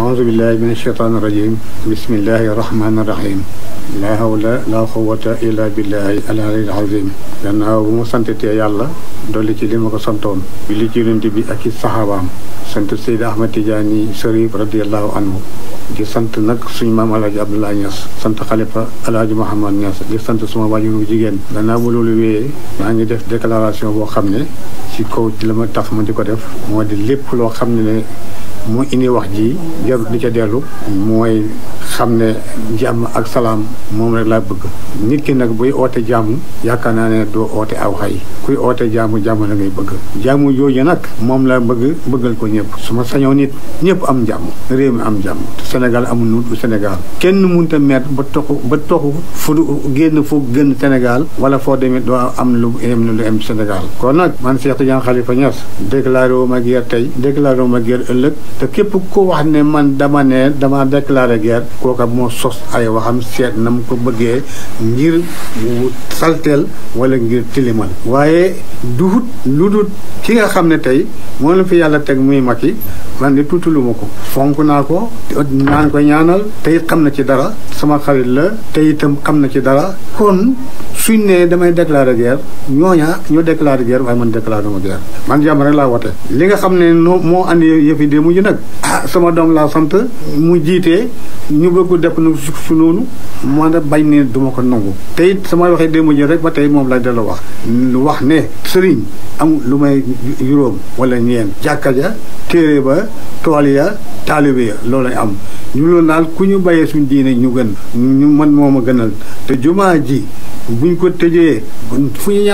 أعوذ بالله من الشيطان الرجيم بسم الله الرحمن الرحيم لا حول لا قوة إلا بالله العلي العظيم لأن أبو موسى تتي يالا دولي تي ليمكو سانتون بلي تي رنتي بي أكي الصحابة سانت السيد أحمد تجاني شريف رضي الله عنه دي سانت نك سيما مالاج عبد الله نياس سانت خليفة الحاج محمد نياس دي سانت سما باجي نو جيجين لأن أبو لولي وي ماني ديف ديكلاراسيون بو خامني سي كو تي لما تاخ ما ديكو ديف مو دي ليب لو خامني mooy indi wax ji jarut di ca dellu mooy xamne ne ak salam mom rek la bëgg nit ki nak buy oté jàmm yaaka na né do oté aw xay kuy oté jàmm jàmm la ngay bëgg jàmm jooju nak mom la bëgg bëggal ko ñëpp suma ma nit ñëpp am jàmm réew mi am jàmm te Sénégal amul nu Sénégal kenn mënut a met ba toxu ba toxu fu génn fu gën Sénégal wala fo demee do am lu yem lu am Sénégal kon nak man Cheikh Tidiane Khalifa Niass déclaré wu ma guerre tey déclaré wu ma guerre ëllëg te képp ku wax né man dama né dama déclaré guerre kooka moo sos ay waxam seet na mu ko bëggee ngir salteel walla ngir tilimal waaye duut lu ludut ki nga xam ne tey moo la fi yàlla teg muy Macky man de tuutuluma ko fonk naa ko naan ko ñaanal te xam na ci dara sama xarit la te itam xam na ci dara kon suñ ne damay déclarer guerre ñooña ñoo déclarer guerre waaye man déclarer ma man jàmm rek laa wote li nga xam ne moo andi yëf yi de nag ah, sama doom laa sant mu jiitee ñu ñu bëggu def nu fi noonu moo ne bañ ne du ma ko nangu te it sama waxe démb ñu rek ba tey moom lay dello wax wax ne sëriñ am lu may juróom wala ñeen jàkkal ya téere ba tool ya taalibe ya loolu lay am ñu loolu naal ku ñu bàyyee suñ diine ñu gën ñu man moo ma gënal te jumaa ji buñ ko tëjee fu ñu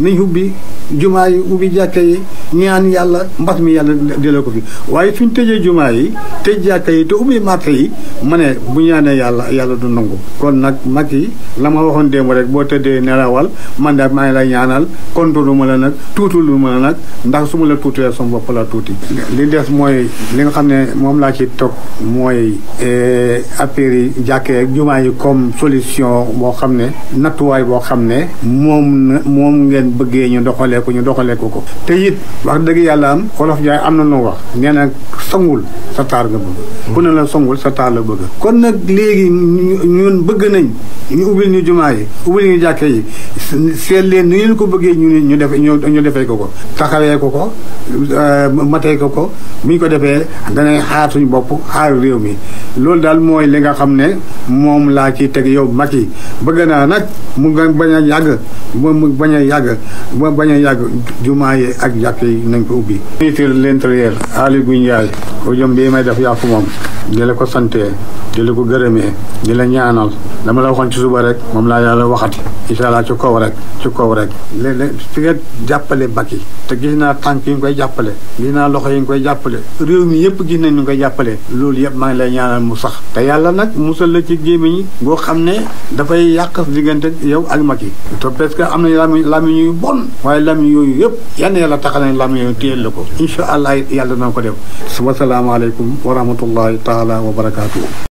nañ ubbi jumaa yi ubbi jàkka yi ñaan yàlla mbas mi yàlla delloo ko fi waaye suñ tëjee jumaa yi tëj jàkka yi te ubbi marché yi ma ne bu ñaanee yàlla yàlla du nangu kon nag mag yi la ma waxoon démb rek boo tëddee nelawal man daal maa ngi lay ñaanal lu ma la nag lu ma la nag ndax su ma la tuutee sama bopp la tuuti li des mooy li nga xam ne moom laa ci toog mooy eh, affaire yi jàkkee ak jumaa yi comme solution boo xam ne nattuwaay boo xam ne moom ngeen bëggee ñu doxalee ko ñu doxalee ko ko. te it wax dëgg yàlla am xolof jaay am na nu wax nee na songul sa taar nga bëgg. ku ne la songul sa taar la bëgg. kon nag léegi ñun bëgg nañ ñu ubbil ñu jumaa yi ubbil ñu jàkkee yi seet leen ni ngeen ko bëggee ñu ñu def ñu defee ko ko. taxawee ko ko euh, matee ko ko bu ñu ko defee danañ xaar suñu bopp xaar réew mi loolu daal mooy li nga xam ne moom laa ciy teg yow mag yi bëgg naa nag mu bañ a yàgg mu bañ a yàgg mu bañ a yàgg jumaa yi ak jàkk yi nañ ko ubbi ministre de l'intérieur Aly Ngouille Ndiaye ko jëm may def yaa moom di la ko santee di ko gërëmee di la ñaanal dama la waxoon ci suba rek moom laa yàlla waxati incha allah ci kaw rek ci kaw rek léeg-léeg fi nga jàppale Macky te gis naa tànk yi nga koy jàppale gis naa loxo yi nga koy jàppale réew mi yëpp gis nañ ñu ngi koy jàppale loolu yëpp maa ngi lay ñaanal mu sax te yàlla nag musal la ci gémmiñ boo xam ne dafay yàq diggante yow ak yi te parce que am na lamiñ làmmi yu bon waaye lamiñ yooyu yëpp yan yàlla taxal nañ lamiñ yooyu téyel ko incha allah yàlla na ko def wasalaamaaleykum wa rahmatullahi taala wa barakaatu